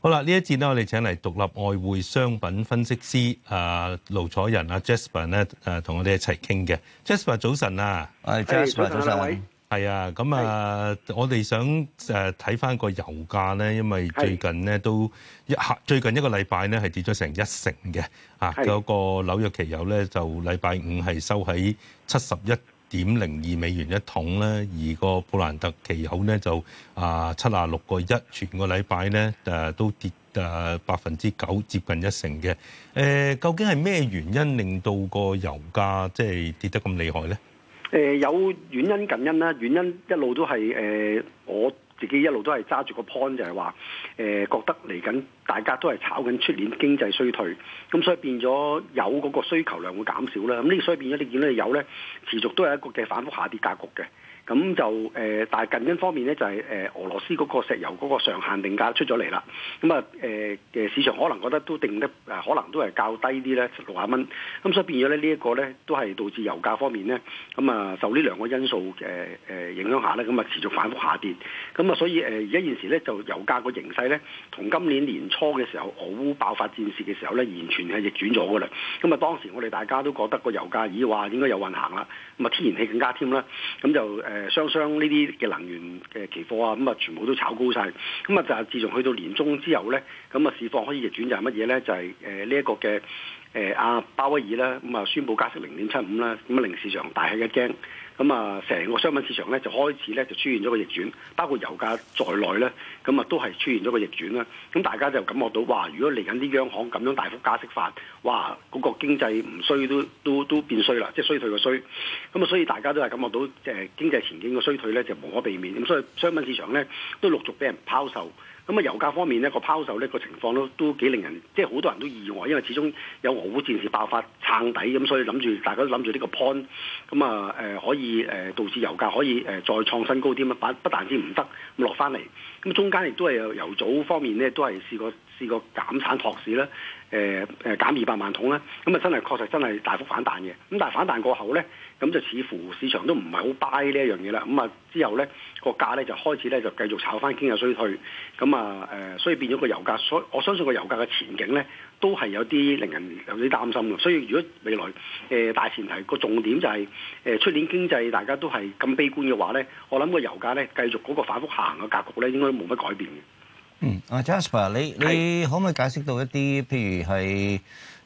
好啦，呢一節咧，我哋請嚟獨立外匯商品分析師啊盧楚仁啊 Jasper 咧誒同我哋一齊傾嘅。Jasper 早晨啊，Jasper 早晨，係啊，咁啊，我哋想誒睇翻個油價咧，因為最近咧都一下、啊、最近一個禮拜咧係跌咗成一成嘅啊，嗰、啊、個紐約期油期油咧就禮拜五係收喺七十一點零二美元一桶咧，而個布蘭特期油咧就啊七啊六個一，全個禮拜咧誒都跌誒百分之九，接近一成嘅。誒究竟係咩原因令到個油價即係跌得咁厲害咧？誒、呃、有原因近因啦，原因一路都係誒、呃、我。自己一路都係揸住個 point 就係話，誒、呃、覺得嚟緊大家都係炒緊出年經濟衰退，咁所以變咗有嗰個需求量會減少啦。咁呢個所以變咗你見到有咧，持續都係一個嘅反覆下跌格局嘅。咁就誒、呃，但係近因方面咧就係、是、誒俄羅斯嗰個石油嗰個上限定價出咗嚟啦。咁啊誒嘅市場可能覺得都定得誒，可能都係較低啲咧六十蚊。咁所以變咗咧呢一個咧都係導致油價方面咧，咁啊受呢兩個因素誒誒影響下咧，咁啊持續反覆下跌咁。咁啊、嗯，所以誒而家現時咧，就油價個形勢咧，同今年年初嘅時候，俄烏爆發戰事嘅時候咧，完全係逆轉咗嘅啦。咁、嗯、啊，當時我哋大家都覺得個油價已經話、哎、應該有運行啦。咁、嗯、啊，天然氣更加添啦。咁、嗯、就誒、呃、雙雙呢啲嘅能源嘅期貨啊，咁、嗯、啊，全部都炒高晒。咁、嗯、啊，就係自從去到年中之後咧，咁、嗯、啊，市況可以逆轉就係乜嘢咧？就係誒呢一個嘅誒阿鮑威爾咧，咁、嗯、啊，宣布加息、嗯嗯、零點七五啦。咁啊，令市場大吃一驚。咁啊，成個商品市場咧就開始咧就出現咗個逆轉，包括油價在內咧，咁啊都係出現咗個逆轉啦。咁大家就感覺到，哇！如果嚟緊啲央行咁樣大幅加息法，哇！嗰個經濟唔衰都都都變衰啦，即係衰退個衰。咁啊，所以大家都係感覺到，即係經濟前景個衰退咧就無可避免。咁所以商品市場咧都陸續俾人拋售。咁啊，油價方面呢個拋售呢、這個情況都都幾令人，即係好多人都意外，因為始終有俄烏戰事爆發撐底，咁、嗯、所以諗住大家都諗住呢個 point，咁啊誒可以誒、嗯、導致油價可以誒、嗯、再創新高啲嘛？不但不但止唔得，咁落翻嚟，咁、嗯、中間亦都係有油組方面呢都係試過試過減產託市啦，誒、呃、誒、呃、減二百萬桶啦。咁、嗯、啊、嗯、真係確實真係大幅反彈嘅。咁、嗯、但係反彈過後呢，咁、嗯、就似乎市場都唔係好 buy 呢一樣嘢啦。咁、嗯、啊之後呢個價呢就開始呢，就繼續炒翻經濟衰退，退，咁啊～啊，誒，所以變咗個油價，所我相信個油價嘅前景咧，都係有啲令人有啲擔心嘅。所以如果未來誒大前提個重點就係誒出年經濟大家都係咁悲觀嘅話咧，我諗個油價咧繼續嗰個反覆下行嘅格局咧，應該冇乜改變嘅。嗯，阿 Jasper，你你可唔可以解釋到一啲譬如係？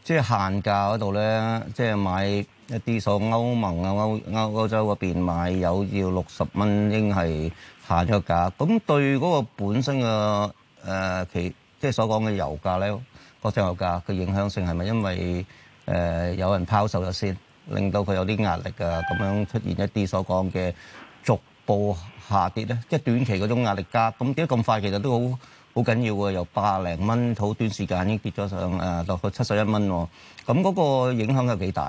即係限價嗰度咧，即係買一啲所歐盟啊、歐歐歐洲嗰邊買有要六十蚊英係限咗價，咁對嗰個本身嘅誒其即係所講嘅油價咧，國際油價嘅影響性係咪因為誒有人拋售咗先，令到佢有啲壓力啊咁樣出現一啲所講嘅逐步下跌咧？即係短期嗰種壓力價，咁點解咁快，其實都好。好緊要喎，由八零蚊，好短時間已經跌咗上誒，落到七十一蚊喎。咁嗰、哦嗯那個影響有幾大？誒、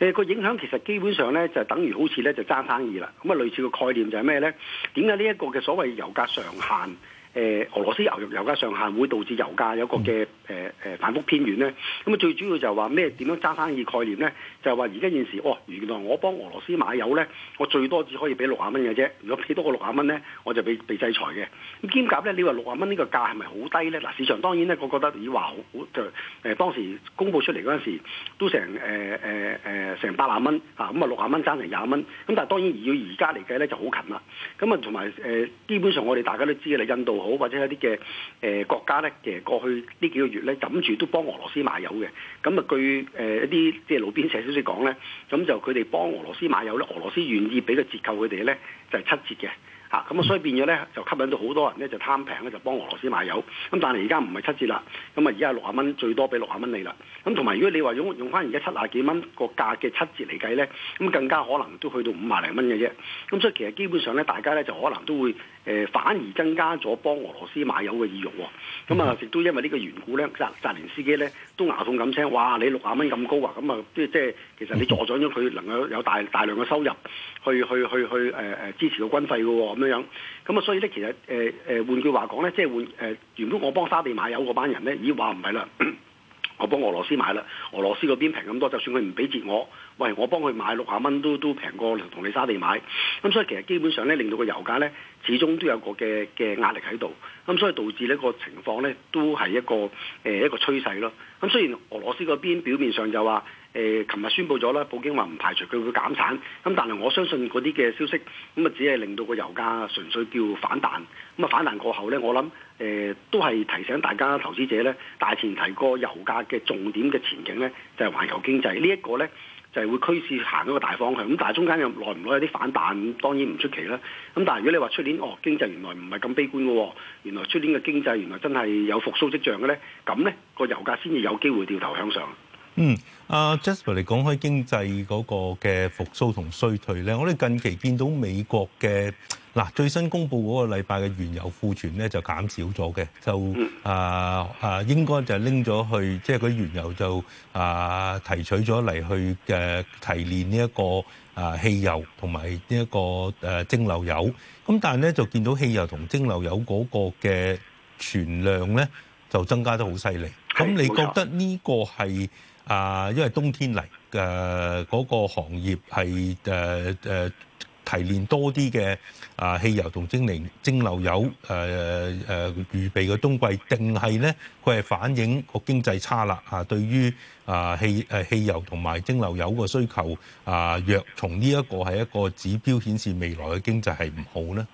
呃那個影響其實基本上咧，就等於好似咧就爭生意啦。咁、嗯、啊，類似個概念就係咩咧？點解呢一個嘅所謂油價上限？誒、呃，俄羅斯牛肉油價上限會導致油價有個嘅誒誒反覆偏軟咧。咁啊，最主要就話咩？點樣爭生意概念咧？就話而家現時，哇、哦！原來我幫俄羅斯買油咧，我最多只可以俾六啊蚊嘅啫。如果俾多過六啊蚊咧，我就被被制裁嘅。咁兼夾咧，你話六啊蚊呢個價係咪好低咧？嗱、啊，市場當然咧，我覺得以話好就誒，當時公佈出嚟嗰陣時都成誒誒誒成八啊蚊啊，咁啊六啊蚊爭成廿蚊。咁但係當然要而家嚟計咧就好近啦。咁啊，同埋誒，基本上我哋大家都知嘅，印度。或者有啲嘅誒國家咧嘅過去呢幾個月咧，諗住都幫俄羅斯買油嘅。咁啊據誒、呃、一啲即係路邊社消息講咧，咁就佢哋幫俄羅斯買油咧，俄羅斯願意俾個折扣佢哋咧，就係、是、七折嘅嚇。咁啊所以變咗咧，就吸引到好多人咧，就貪平咧，就幫俄羅斯買油。咁但係而家唔係七折啦，咁啊而家六啊蚊，最多俾六啊蚊你啦。咁同埋如果你話用用翻而家七啊幾蚊個價嘅七折嚟計咧，咁更加可能都去到五啊零蚊嘅啫。咁所以其實基本上咧，大家咧就可能都會。誒反而增加咗幫俄羅斯買油嘅意欲喎，咁啊亦都因為呢個緣故咧，澤澤連斯基咧都牙痛咁聲，哇！你六啊蚊咁高啊，咁啊即即係其實你助長咗佢能夠有大大量嘅收入，去去去去誒誒支持個軍費嘅喎、哦，咁樣樣，咁、嗯、啊所以咧其實誒誒、呃、換句話講咧，即換誒、呃、原本我幫沙地買油嗰班人咧，咦話唔係啦，我幫俄羅斯買啦，俄羅斯嗰邊平咁多，就算佢唔俾折我。喂，我幫佢買六十蚊都都平過同你沙地買，咁、嗯、所以其實基本上咧，令到個油價咧始終都有個嘅嘅壓力喺度，咁、嗯、所以導致呢個情況咧都係一個誒、呃、一個趨勢咯。咁、嗯、雖然俄羅斯嗰邊表面上就話誒，琴、呃、日宣布咗啦，普京話唔排除佢會減產，咁、嗯、但係我相信嗰啲嘅消息咁啊、嗯，只係令到個油價純粹叫反彈，咁、嗯、啊反彈過後咧，我諗誒、呃、都係提醒大家投資者咧，大前提個油價嘅重點嘅前景咧就係、是、環球經濟、這個、呢一個咧。呢就係會驅使行嗰個大方向，咁但係中間又耐唔耐有啲反彈，當然唔出奇啦。咁但係如果你話出年哦經濟原來唔係咁悲觀嘅，原來出年嘅經濟原來真係有復甦跡象嘅咧，咁咧個油價先至有機會掉頭向上。嗯，阿 Jasper 你講開經濟嗰個嘅復甦同衰退咧，我哋近期見到美國嘅。嗱，最新公布嗰個禮拜嘅原油庫存咧就減少咗嘅，就啊啊應該就拎咗去，即係嗰啲原油就啊提取咗嚟去嘅提煉呢一個啊汽油同埋呢一個誒蒸餾油，咁但係咧就見到汽油同蒸餾油嗰個嘅存量咧就增加得好犀利，咁你覺得呢個係啊因為冬天嚟嘅嗰個行業係誒誒？提煉多啲嘅啊汽油同蒸餾蒸餾油誒誒預備嘅冬季，定係咧佢係反映個經濟差啦啊！對於啊汽誒汽，汽油同埋蒸餾油嘅需求啊，若從呢一個係一個指標顯示未來嘅經濟係唔好咧。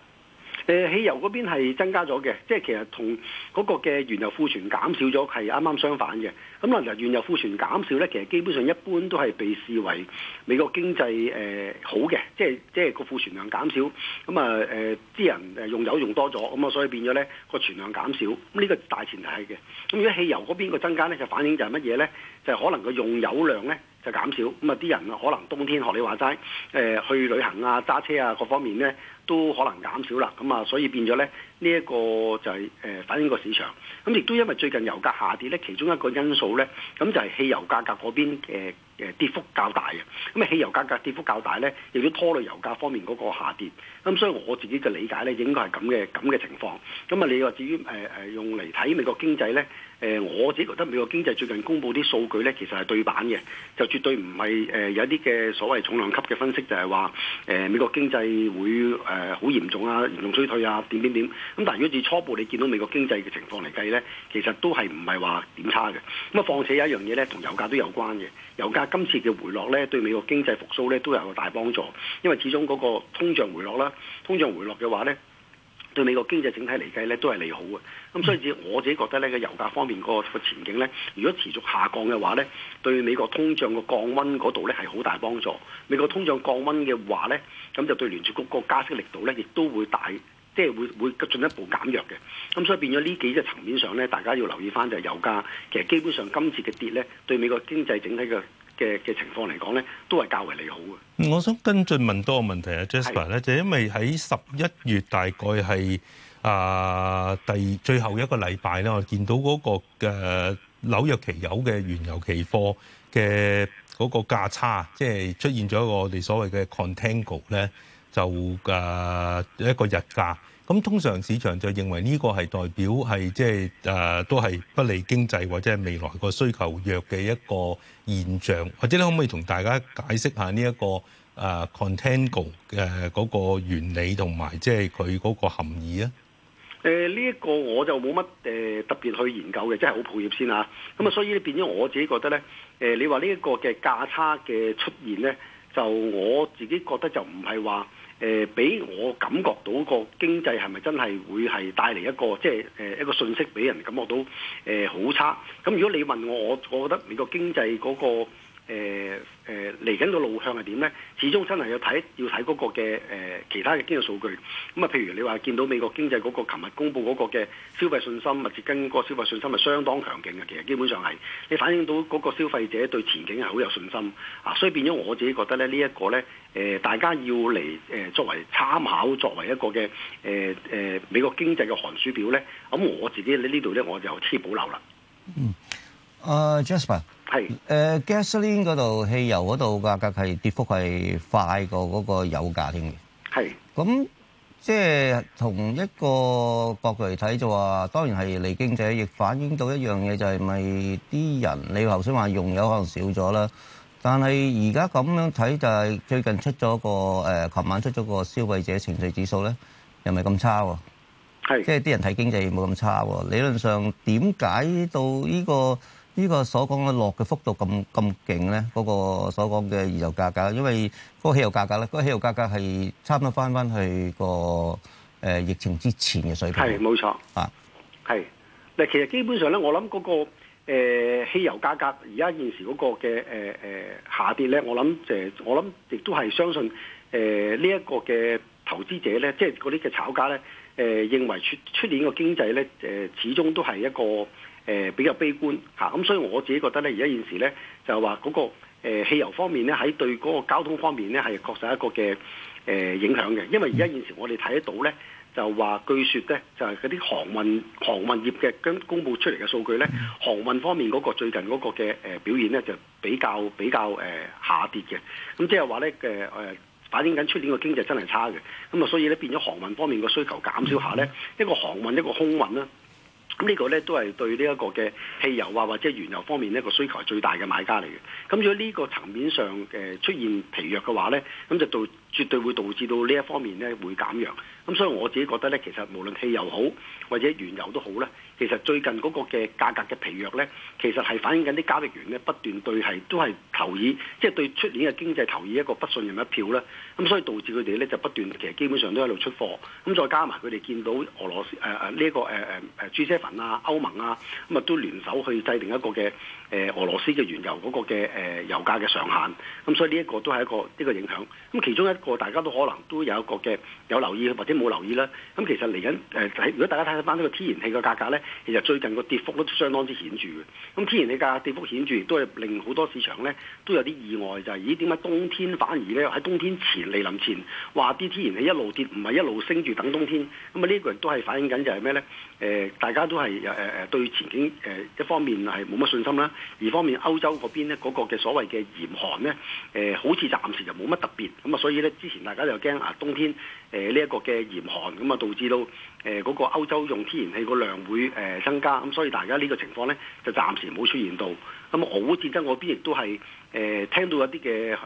誒汽、呃、油嗰邊係增加咗嘅，即係其實同嗰個嘅原油庫存減少咗係啱啱相反嘅。咁、嗯、嗱，原油庫存減少呢，其實基本上一般都係被視為美國經濟誒、呃、好嘅，即係即係個庫存量減少。咁啊誒啲人誒用油用多咗，咁、嗯、啊所以變咗呢個存量減少。咁、嗯、呢、這個大前提係嘅。咁、嗯、如果汽油嗰邊個增加呢，就反映就係乜嘢呢？就係、可能個用油量呢。就減少咁啊，啲人啊，可能冬天學你話齋，誒去旅行啊、揸車啊各方面咧，都可能減少啦。咁啊，所以變咗咧，呢一個就係誒反映個市場。咁亦都因為最近油價下跌咧，其中一個因素咧，咁就係汽油價格嗰邊嘅。跌幅較大嘅，咁啊，汽油價格跌幅較大呢，亦都拖累油價方面嗰個下跌。咁所以我自己嘅理解呢，應該係咁嘅咁嘅情況。咁、嗯、啊，你話至於誒誒、呃、用嚟睇美國經濟呢？誒、呃，我自己覺得美國經濟最近公布啲數據呢，其實係對版嘅，就絕對唔係誒有啲嘅所謂重量級嘅分析就，就係話誒美國經濟會誒好、呃、嚴重啊，嚴重衰退啊，點點點。咁但係如果以初步你見到美國經濟嘅情況嚟計呢，其實都係唔係話點差嘅。咁啊，況且有一樣嘢呢，同油價都有關嘅，油價。今次嘅回落咧，對美國經濟復甦咧都有個大幫助，因為始終嗰個通脹回落啦，通脹回落嘅話咧，對美國經濟整體嚟計咧都係利好嘅。咁所以我自己覺得呢，個油價方面個個前景咧，如果持續下降嘅話咧，對美國通脹個降溫嗰度咧係好大幫助。美國通脹降溫嘅話咧，咁就對聯儲局個加息力度咧亦都會大，即係會會進一步減弱嘅。咁所以變咗呢幾隻層面上咧，大家要留意翻就係油價。其實基本上今次嘅跌咧，對美國經濟整體嘅嘅嘅情況嚟講咧，都係較為利好嘅。我想跟進問多個問題啊，Jasper 咧，Jessica, 的就因為喺十一月大概係啊第最後一個禮拜啦，我見到嗰個嘅紐約期油嘅原油期貨嘅嗰個價差，即、就、係、是、出現咗一個我哋所謂嘅 contango 咧，就誒、呃、一個日價。咁通常市場就認為呢個係代表係即係誒都係不利經濟或者係未來個需求弱嘅一個現象，或者你可唔可以同大家解釋下呢、這、一個誒、呃、contango 嘅嗰個原理同埋即係佢嗰個含義啊？誒呢一個我就冇乜誒特別去研究嘅，即係好抱歉先嚇。咁啊，所以變咗我自己覺得咧，誒、呃、你話呢一個嘅價差嘅出現咧，就我自己覺得就唔係話。誒，俾、呃、我感覺到個經濟係咪真係會係帶嚟一個即係誒一個信息俾人感覺到誒好、呃、差？咁如果你問我，我覺得美國經濟嗰、嗰個。誒誒嚟緊個路向係點呢？始終真係要睇，要睇嗰個嘅誒其他嘅經濟數據。咁啊，譬如你話見到美國經濟嗰個琴日公布嗰個嘅消費信心，物質跟個消費信心係相當強勁嘅。其實基本上係你反映到嗰個消費者對前景係好有信心啊，所以變咗我自己覺得咧，呢一個呢，誒，大家要嚟誒作為參考，作為一個嘅誒誒美國經濟嘅寒暑表呢。咁我自己呢度呢，我就有保留啦。嗯。啊，Jasper，係，誒，gasoline 嗰度汽油嗰度價格係跌幅係快過嗰個油價添嘅，係，咁即係同一個角度嚟睇就話，當然係離經濟亦反映到一樣嘢，就係咪啲人你頭先話用油可能少咗啦，但係而家咁樣睇就係最近出咗個誒，琴晚出咗個消費者情緒指數咧，又唔係咁差喎，係，即係啲人睇經濟冇咁差喎，理論上點解到呢個？呢個所講嘅落嘅幅度咁咁勁咧，嗰、這個所講嘅汽油價格，因為嗰個汽油價格咧，嗰、那個汽油價格係差唔多翻翻去個誒疫情之前嘅水平。係冇錯啊，係嗱是，其實基本上咧，我諗嗰、那個、呃、汽油價格而家現，現時嗰個嘅誒誒下跌咧，我諗誒、呃，我諗亦都係相信誒、呃這個、呢一個嘅投資者咧，即係嗰啲嘅炒家咧，誒、呃、認為出出年個經濟咧誒，始終都係一個。誒比較悲觀嚇，咁、啊、所以我自己覺得咧，而家現時咧就係話嗰個、呃、汽油方面咧，喺對嗰個交通方面咧，係確實一個嘅誒、呃、影響嘅。因為而家現時我哋睇得到咧，就話據説咧，就係嗰啲航運航運業嘅將公佈出嚟嘅數據咧，航運方面嗰個最近嗰個嘅誒表現咧就比較比較誒、呃、下跌嘅。咁即係話咧誒誒反映緊出年個經濟真係差嘅。咁啊，所以咧變咗航運方面個需求減少下咧，一個航運一個空運啦。咁呢個咧都係對呢一個嘅汽油啊，或者原油方面一個需求係最大嘅買家嚟嘅。咁如果呢個層面上誒出現疲弱嘅話咧，咁就到。絕對會導致到呢一方面咧會減弱，咁所以我自己覺得咧，其實無論汽油好或者原油都好咧，其實最近嗰個嘅價格嘅疲弱咧，其實係反映緊啲交易員咧不斷對係都係投以，即係對出年嘅經濟投以一個不信任嘅票啦。咁所以導致佢哋咧就不斷其實基本上都喺度出貨，咁再加埋佢哋見到俄羅斯誒誒呢個誒誒、呃、誒 G7 啊、歐盟啊，咁啊都聯手去制定一個嘅。呃、俄羅斯嘅原油嗰個嘅誒、呃、油價嘅上限，咁、嗯、所以呢一個都係一個呢個影響。咁、嗯、其中一個大家都可能都有一個嘅有留意或者冇留意啦。咁、嗯、其實嚟緊誒如果大家睇一翻呢個天然氣嘅價格呢，其實最近個跌幅都相當之顯著嘅。咁、嗯、天然氣價跌幅顯著，都係令好多市場呢都有啲意外，就係、是、咦點解冬天反而呢喺冬天前嚟臨前，話啲天然氣一路跌，唔係一路升住等冬天。咁啊呢個人都係反映緊就係咩呢？誒、呃，大家都係又誒誒對前景誒、呃、一方面係冇乜信心啦，而方面歐洲嗰邊咧嗰個嘅所謂嘅嚴寒呢，誒、呃、好似暫時就冇乜特別，咁啊所以呢，之前大家就驚啊冬天誒呢一個嘅嚴寒咁啊導致到誒嗰個歐洲用天然氣個量會誒、呃、增加，咁、嗯、所以大家呢個情況呢，就暫時冇出現到，咁、嗯、俄烏戰爭嗰邊亦都係。誒聽到一啲嘅誒誒，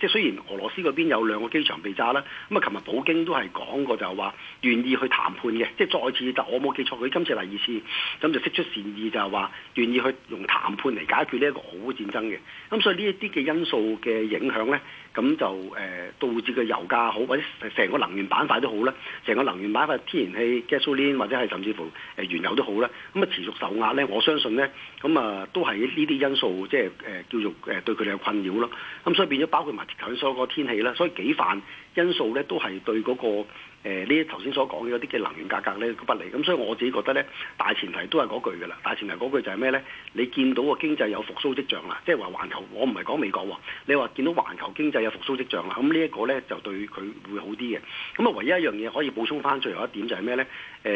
即係雖然俄羅斯嗰邊有兩個機場被炸啦，咁啊，琴日普京都係講過就係話願意去談判嘅，即係再次，就我冇記錯，佢今次第二次，咁就釋出善意就係話願意去用談判嚟解決呢一個俄烏戰爭嘅。咁所以呢一啲嘅因素嘅影響咧，咁就誒、呃、導致嘅油價好，或者成個能源板塊都好啦，成個能源板塊，天然氣 gasoline 或者係甚至乎誒原油都好啦，咁啊持續受壓咧，我相信咧，咁啊都係呢啲因素即係誒、呃、叫做。誒對佢哋有困擾咯，咁、嗯、所以變咗包括埋頭先所有個天氣啦，所以幾範因素咧都係對嗰、那個。誒呢啲頭先所講嘅嗰啲嘅能源價格咧不利，咁、嗯、所以我自己覺得咧，大前提都係嗰句噶啦。大前提嗰句就係咩咧？你見到個經濟有復甦跡象啦，即係話環球，我唔係講美國喎。你話見到環球經濟有復甦跡象啦，咁、嗯這個、呢一個咧就對佢會好啲嘅。咁、嗯、啊，唯一一樣嘢可以補充翻最後一點就係咩咧？誒、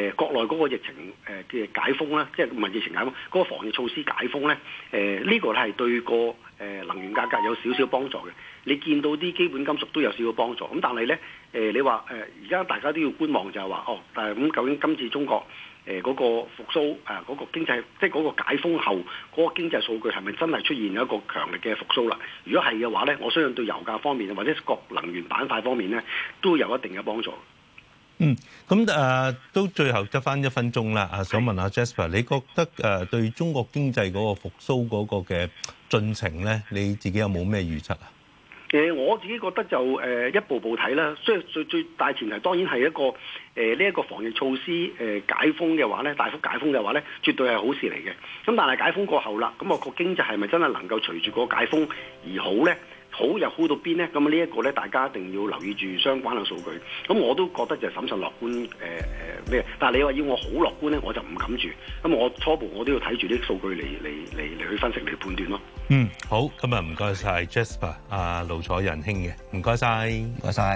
呃、國內嗰個疫情誒嘅、呃、解封啦，即係唔係疫情解封？嗰、那個防疫措施解封咧，誒、呃、呢、這個咧係對、那個誒、呃、能源價格，格有少少幫助嘅。你見到啲基本金屬都有少少幫助咁，但係呢，誒、呃，你話誒而家大家都要觀望，就係、是、話哦，但係咁、嗯、究竟今次中國誒嗰、呃那個復甦啊，嗰、呃那個經濟即係嗰解封後嗰、那個經濟數據係咪真係出現一個強力嘅復甦啦？如果係嘅話呢，我相信對油價方面或者各能源板塊方面呢，都有一定嘅幫助。嗯，咁、嗯、誒、呃、都最後得返一分鐘啦。啊，想問下 Jasper，你覺得誒對中國經濟嗰個復甦嗰個嘅進程呢，你自己有冇咩預測啊？誒我自己覺得就誒、呃、一步步睇啦，所以最最大前提當然係一個誒呢一個防疫措施誒、呃、解封嘅話咧，大幅解封嘅話咧，絕對係好事嚟嘅。咁但係解封過後啦，咁、那、我個經濟係咪真係能夠隨住個解封而好咧？好又好到邊咧？咁呢一個咧，大家一定要留意住相關嘅數據。咁我都覺得就審慎樂觀，誒誒咩？但係你話要我好樂觀咧，我就唔敢住。咁我初步我都要睇住啲數據嚟嚟嚟嚟去分析嚟判斷咯。嗯，好，今日唔該晒 Jasper 阿、啊、盧楚仁兄嘅，唔該晒。唔該曬。